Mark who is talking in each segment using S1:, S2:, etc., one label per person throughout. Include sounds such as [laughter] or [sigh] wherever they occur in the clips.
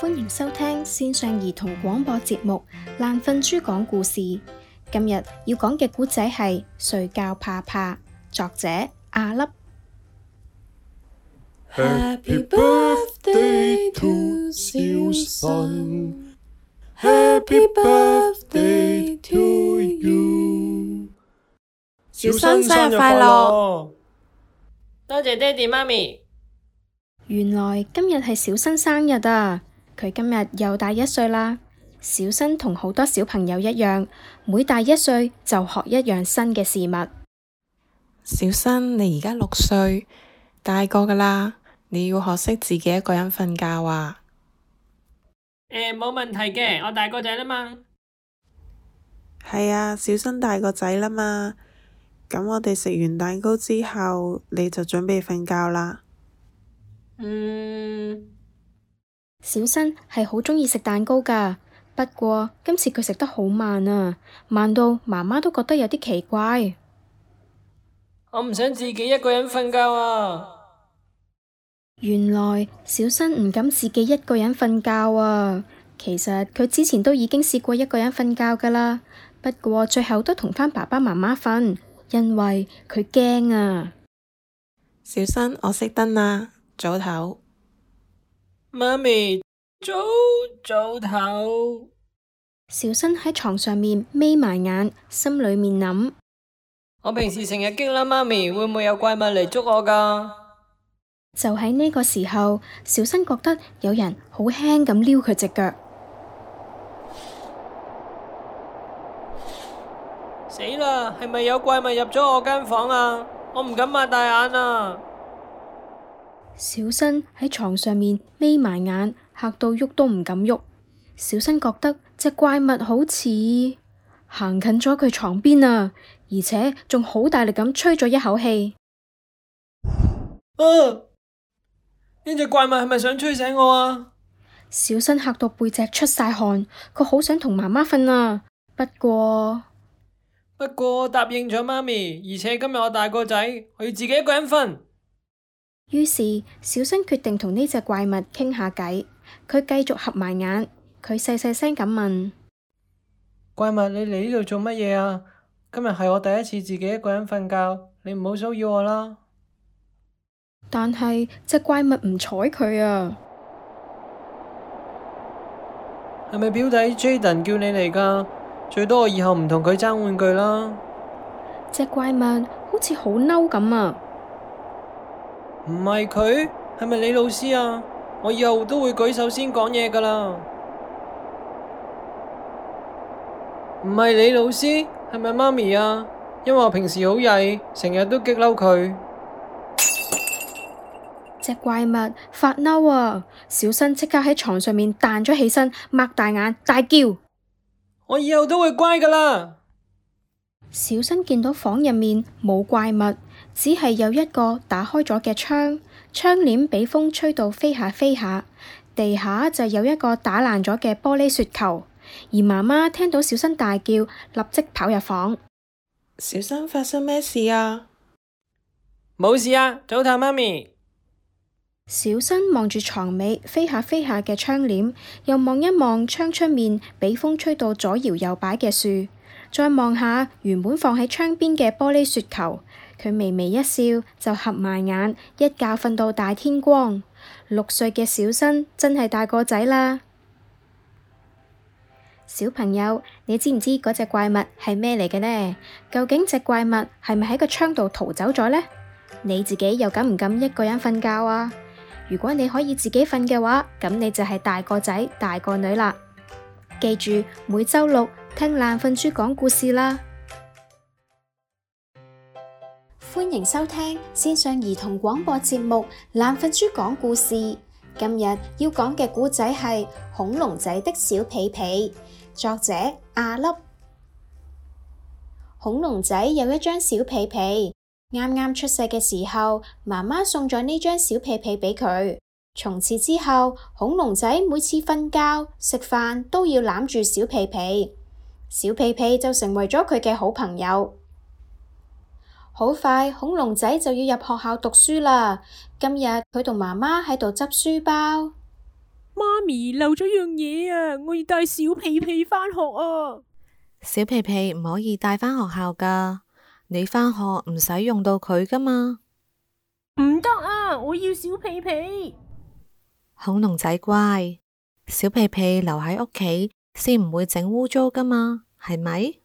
S1: 歡迎收聽線上兒童廣播節目《懶瞓豬講故事》。今日要講嘅故仔係《睡覺怕怕》，作者阿粒。
S2: Happy birthday to 小新！Happy birthday to you！小新生日快樂！
S3: 多謝爹哋媽咪。
S1: 原來今日係小新生日啊！佢今日又大一歲啦，小新同好多小朋友一樣，每大一歲就學一樣新嘅事物。
S2: 小新，你而家六歲，大個㗎啦，你要學識自己一個人瞓覺啊？誒、欸，冇問題嘅，我大個仔啦嘛。係啊，小新大個仔啦嘛，咁我哋食完蛋糕之後，你就準備瞓覺啦。嗯。
S1: 小新係好鍾意食蛋糕噶，不過今次佢食得好慢啊，慢到媽媽都覺得有啲奇怪。我
S2: 唔想自己一個人瞓覺啊！
S1: 原來小新唔敢自己一個人瞓覺啊！其實佢之前都已經試過一個人瞓覺噶啦，不過最後都同返爸爸媽媽瞓，因為佢驚
S2: 啊！小新，我熄燈啦，早唞。
S1: 媽咪早早唞！小新喺床上面眯埋眼，心裏面諗：
S2: 我平時成日驚啦，媽咪會唔會有怪物嚟捉我噶？
S1: 就喺呢個時候，小新覺得有人好輕咁撩佢隻腳。
S2: 死啦！係咪有怪物入咗我間房啊？我唔敢擘大眼啊！
S1: 小新喺床上面眯埋眼，嚇到喐都唔敢喐。小新覺得隻怪物好似行近咗佢床邊啊，而且仲好大力咁吹咗一口氣。
S2: 啊，呢隻怪物係咪想吹醒我啊？
S1: 小新嚇到背脊出晒汗，佢好想同媽媽瞓啊，不過
S2: 不過，我答應咗媽咪，而且今日我大個仔，佢自己一個人瞓。
S1: 於是小新決定同呢隻怪物傾下偈。佢繼續合埋眼，佢細細聲咁問，
S2: 怪物，你嚟呢度做乜嘢啊？今日係我第一次自己一個人瞓覺，你唔好騷擾我啦。
S1: 但係隻怪物唔睬佢啊。
S2: 係咪表弟 Jaden 叫你嚟㗎？最多我以後唔同佢爭玩具啦。隻怪物好似好嬲咁啊！唔係佢，係咪李老師啊？我以後都會舉手先講嘢噶啦。唔係李老師，係咪媽咪啊？因為我平時好曳，成日都激嬲佢。
S1: 隻怪物發嬲啊！小新即刻喺床上面彈咗起身，擘大眼大叫：
S2: 我以後都會乖噶啦！
S1: 小新見到房入面冇怪物。只係有一個打開咗嘅窗，窗簾俾風吹到飛下飛下，地下就有一個打爛咗嘅玻璃雪球。而媽媽聽到小新大叫，立即跑入房。小
S2: 新，發生咩事啊？冇事啊，早唞媽咪。
S1: 小新望住床尾飛下飛下嘅窗簾，又望一望窗出面俾風吹到左搖右擺嘅樹，再望下原本放喺窗邊嘅玻璃雪球。佢微微一笑，就合埋眼，一覺瞓到大天光。六歲嘅小新真係大個仔啦！小朋友，你知唔知嗰隻怪物係咩嚟嘅呢？究竟隻怪物係咪喺個窗度逃走咗呢？你自己又敢唔敢一個人瞓覺啊？如果你可以自己瞓嘅話，咁你就係大個仔大個女啦！記住每周六聽懶瞓豬講故事啦！歡迎收聽線上兒童廣播節目《懶瞓豬講故事》。今日要講嘅故仔係《恐龍仔的小被被》，作者阿粒。恐龍仔有一張小被被，啱啱出世嘅時候，媽媽送咗呢張小被被俾佢。從此之後，恐龍仔每次瞓覺、食飯都要攬住小被被，小被被就成為咗佢嘅好朋友。好快，恐龍仔就要入學校讀書啦！今日佢同媽媽喺度執書包，
S2: 媽咪漏咗樣嘢啊！我要帶小被被返學啊！小被被唔可以帶返學校噶，你返學唔使用，用到佢噶嘛？唔得啊！我要小被被。恐龍仔乖，小被被留喺屋企先唔會整污糟噶嘛？
S1: 係咪？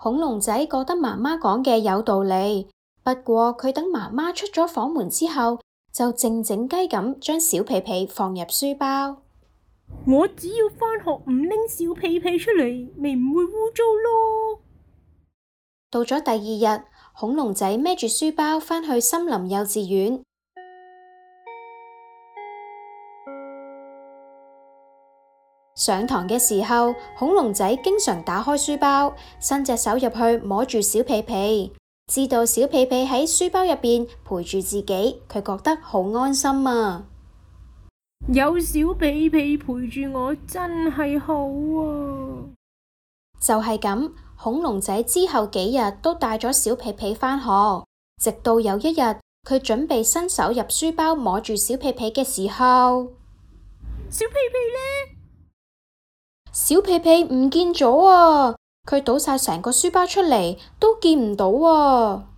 S1: 恐龍仔覺得媽媽講嘅有道理，不過佢等媽媽出咗房門之後，就靜靜雞咁將小被被放入書包。我只要返學唔拎小被被出嚟，咪唔會污糟咯。到咗第二日，恐龍仔孭住書包返去森林幼稚園。上堂嘅時候，恐龍仔經常打開書包，伸隻手入去摸住小被被，知道小被被喺書包入邊陪住自己，佢覺得好安心啊！有小被被陪住我真係好啊！就係咁，恐龍仔之後幾日都帶咗小被被返學，直到有一日，佢準備伸手入書包摸住小被被嘅時候，
S2: 小被被呢？
S1: 小被被唔見咗啊！佢倒晒成個書包出嚟，都見唔到啊！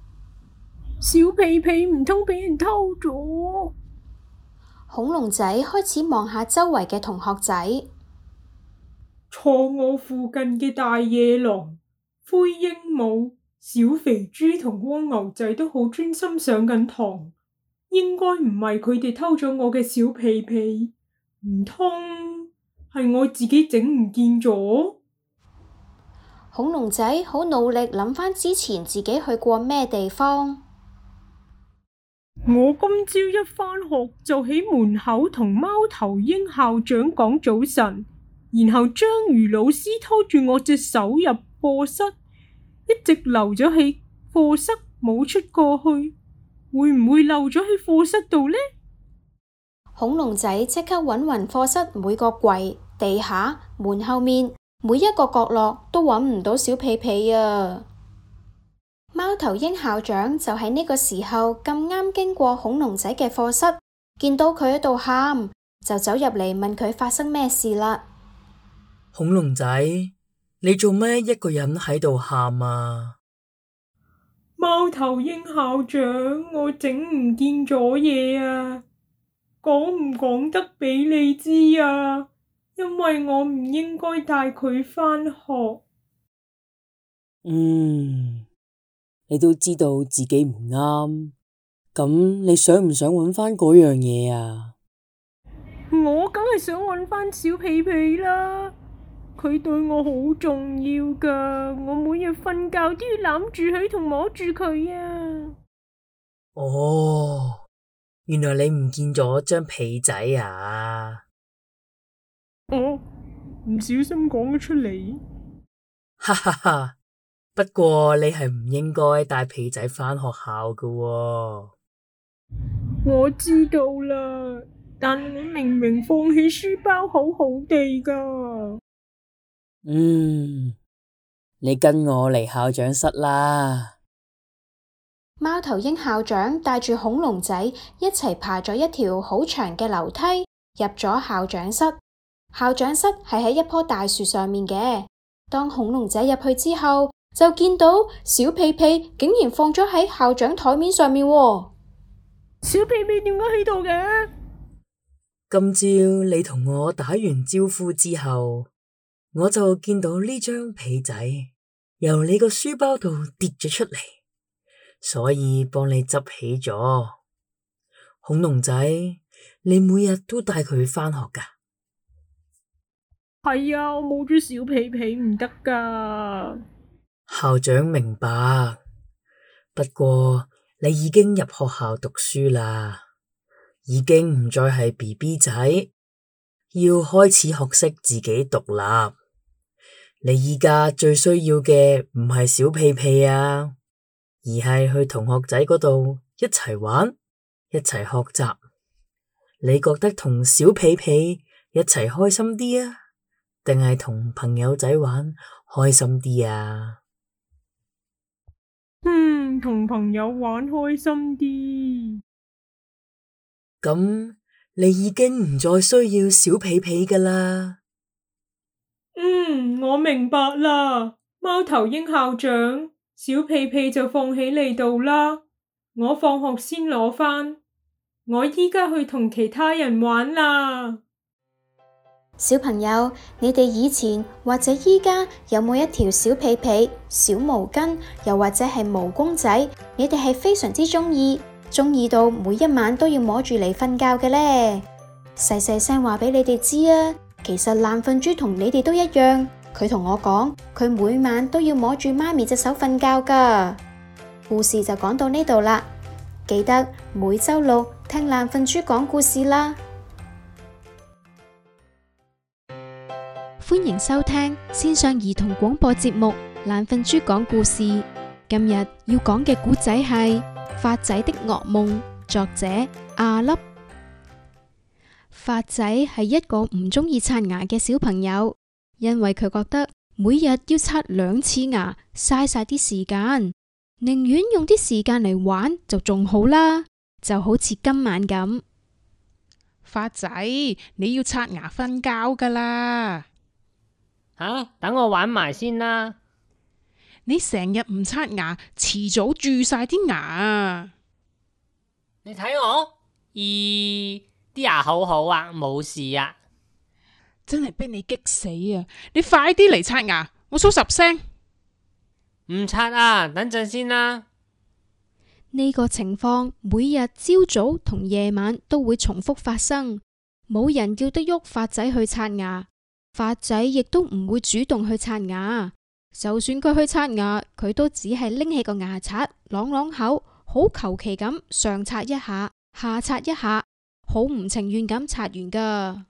S1: 小被被唔通俾人偷咗？恐龍仔開始望下周圍嘅同學仔，
S2: 坐我附近嘅大野狼、灰鸚鵡、小肥豬同蝸牛仔都好專心上緊堂，應該唔係佢哋偷咗我嘅小被被，唔通？係我自己整唔見咗。
S1: 恐龍仔好努力諗返之前自己去過咩地方。
S2: 我今朝一返學就喺門口同貓頭鷹校長講講早晨，然後章魚老師拖住我隻手入課室，一直留咗喺課室冇出過去，會唔會漏咗喺課室度呢？恐龍仔即刻搵
S1: 勻課室每個櫃、地下、門後面每一個角落都搵唔到小被被啊！貓頭鷹校長就喺呢個時候咁啱經過恐龍仔嘅課室，見到佢喺度喊，就走入嚟問佢發生咩事啦。
S3: 恐龍仔，你做咩一個人喺度喊啊？
S2: 貓頭鷹校長，我整唔見咗嘢啊！講唔講得畀你知啊？因為我唔應該帶佢返學。嗯，
S3: 你都知道自己唔啱，咁你想唔想揾返嗰樣嘢啊？我
S2: 梗係想揾返小被被啦！佢對我好重要
S3: 噶，我每日瞓覺
S2: 都要攬住佢同摸住佢
S3: 啊！哦。原來你唔見咗張被仔啊！我唔小心講咗出嚟。哈哈哈！不過你係唔應該帶被仔返學校噶。哦。
S2: 我知道啦，但你明明放喺書包好好地噶。嗯，
S3: 你跟我嚟校長室啦。
S1: 貓頭鷹校長帶住恐龍仔一齊爬咗一條好長嘅樓梯，入咗校長室。校長室係喺一棵大樹上面嘅。當恐龍仔入去之後，就見到小被被竟然放咗喺校長台面上面。
S2: 小被被點解喺度嘅？
S3: 今朝你同我打完招呼之後，我就見到呢張被仔由你個書包度跌咗出嚟。所以幫你執起咗。恐龍仔，你每日都帶佢返學噶。
S2: 係啊，我冇咗小屁屁唔得噶。
S3: 校長明白，不過你已經入學校讀書啦，已經唔再係 BB 仔，要開始學識自己獨立。你依家最需要嘅唔係小屁屁啊！而係去同學仔嗰度一齊玩，一齊學習。你覺得同小被被一齊開心啲啊？定係同朋友仔玩開心啲啊？嗯，同朋友玩開心啲。咁你已經唔再需要小被被㗎啦。
S2: 嗯，我明白啦，貓頭鷹校長。小被被就放喺你度啦，我放學先攞翻。我依家去同其他人玩啦。小朋友，你哋以前或者依家有冇一條
S1: 小被被、小毛巾，又或者係毛公仔，你哋係非常之中意，中意到每一晚都要摸住嚟瞓覺嘅呢。細細聲話俾你哋知啊，其實懶瞓豬同你哋都一樣。佢同我講，佢每晚都要摸住媽咪隻手瞓覺㗎。故事就講到呢度啦，記得每周六聽懶瞓豬講故事啦。歡迎收聽線上兒童廣播節目《懶瞓豬講故事》。今日要講嘅故仔係發仔的噩夢，作者阿粒。發仔係一個唔中意刷牙嘅小朋友。因為佢覺得每日要刷兩次牙，嘥晒啲時間，寧願用啲時間嚟玩就仲好啦。就好似今晚咁，發仔，你要
S2: 刷牙瞓覺噶啦。
S3: 吓、啊，等我玩埋先啦。
S2: 你成日唔刷牙，遲早蛀晒啲牙。你睇我，咦、嗯？啲牙好好啊，冇事啊。真係俾你激死啊！你快啲嚟刷牙，我數十聲。唔刷啊，等陣先啦。呢個情
S1: 況每日朝早同夜晚都會重複發生，冇人叫得喐發仔去刷牙，發仔亦都唔會主動去刷牙。就算佢去刷牙，佢都只係拎起個牙刷，朗朗口，好求其咁上刷一下，下刷一下，好唔情願咁刷完㗎。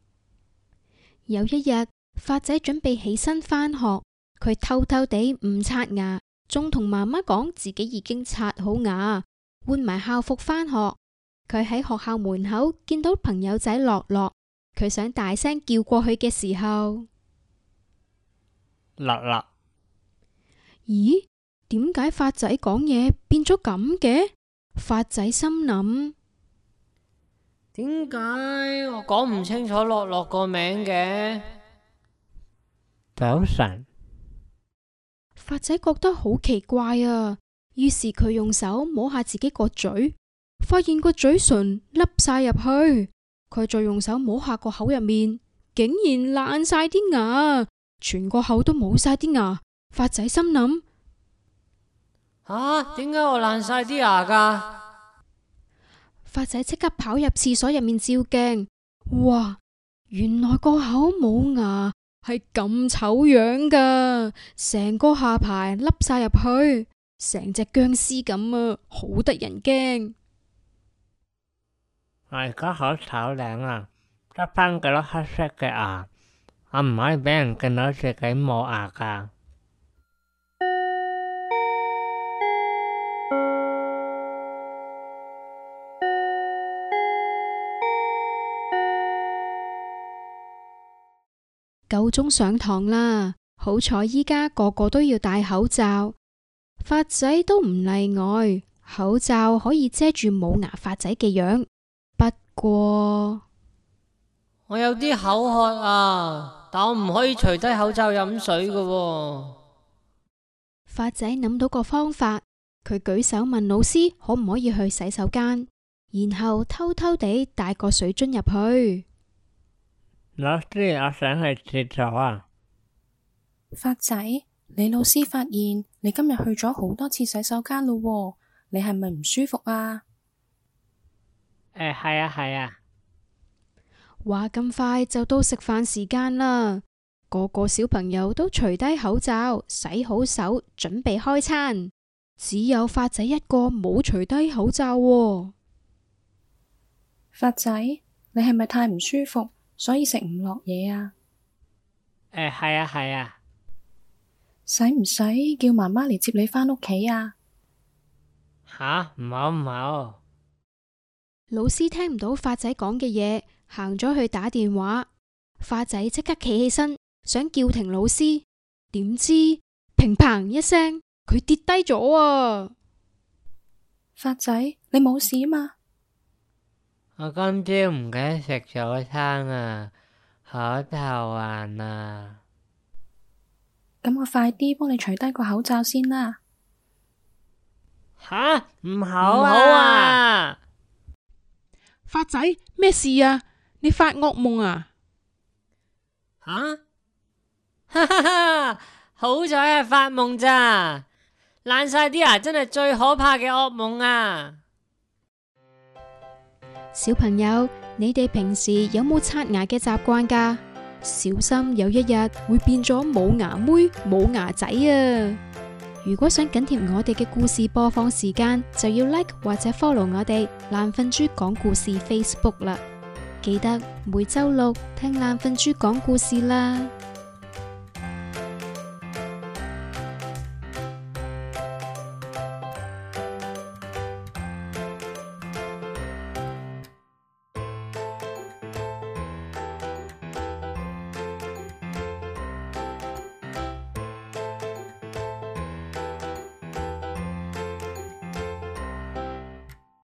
S1: 有一日，發仔準備起身返學，佢偷偷地唔刷牙，仲同媽媽講自己已經刷好牙，換埋校服返學。佢喺學校門口見到朋友仔樂樂，佢想大聲叫過去嘅時候，
S2: 樂樂，
S1: 咦，點解發仔講嘢變咗咁嘅？發仔心諗。
S2: 點解我講唔清楚樂樂
S3: 個名嘅？
S2: 早晨，
S1: [music] 發仔覺得好奇怪啊！於是佢用手摸下自己個嘴，發現個嘴唇凹晒入去。佢再用手摸下個口入面，竟然爛晒啲牙，全個口都冇晒啲牙。發仔心諗：
S3: 吓、啊，點解我爛晒啲牙噶？
S1: 發仔即刻跑入廁所入面照鏡，哇！原來個口冇牙，係咁醜樣噶，成個下巴凹晒入去，成隻僵屍咁啊，好得人驚。
S2: 我而家好醜靚啊！得翻幾粒黑色嘅牙，我唔可以畀人見到自己冇牙噶。
S1: 夠鐘上堂啦，好彩依家個個都要戴口罩，發仔都唔例外。口罩可以遮住冇牙發仔嘅樣，不過
S2: 我有啲口渴啊，但我唔可以除低口罩飲水嘅啊。
S1: 發仔諗到個方法，佢舉手問老師可唔可以去洗手間，然後偷偷地帶個水樽入去。
S2: 老師，我想去廁所啊！發仔，你老師發現你今日去咗好多次洗手間咯喎，你係咪唔舒服啊？誒、哎，係啊，係啊。話咁快
S1: 就到食飯時間啦，個個小朋友都除低口罩，洗好手，準備開餐。只有發仔一個冇除低口罩
S2: 喎，發仔，你係咪太唔舒服？所以食唔落嘢啊！誒、哎，係啊，係啊。使唔使叫媽媽嚟接你翻屋企啊？吓，唔好唔好。好，
S1: 老師聽唔到發仔講嘅嘢，行咗去打電話。發仔即刻企起身，想叫停老師，點知平砰一聲，佢跌低咗啊！發仔，你冇
S2: 事吖嘛？我今朝唔記得食早餐啊，好頭暈啊！咁我快啲幫你除低個口罩先啦。吓，唔好，啊！發、啊、仔，咩事啊？你發噩夢啊？吓！
S3: 哈哈哈， [laughs] 好彩係發夢咋，爛晒啲牙，真係最可怕嘅噩夢啊！
S1: 小朋友，你哋平時有冇刷牙嘅習慣㗎？小心有一日會變咗冇牙妹、冇牙仔啊！如果想緊貼我哋嘅故事播放時間，就要 like 或者 follow 我哋懶瞓豬講故事 Facebook 啦！記得每周六聽懶瞓豬講故事啦！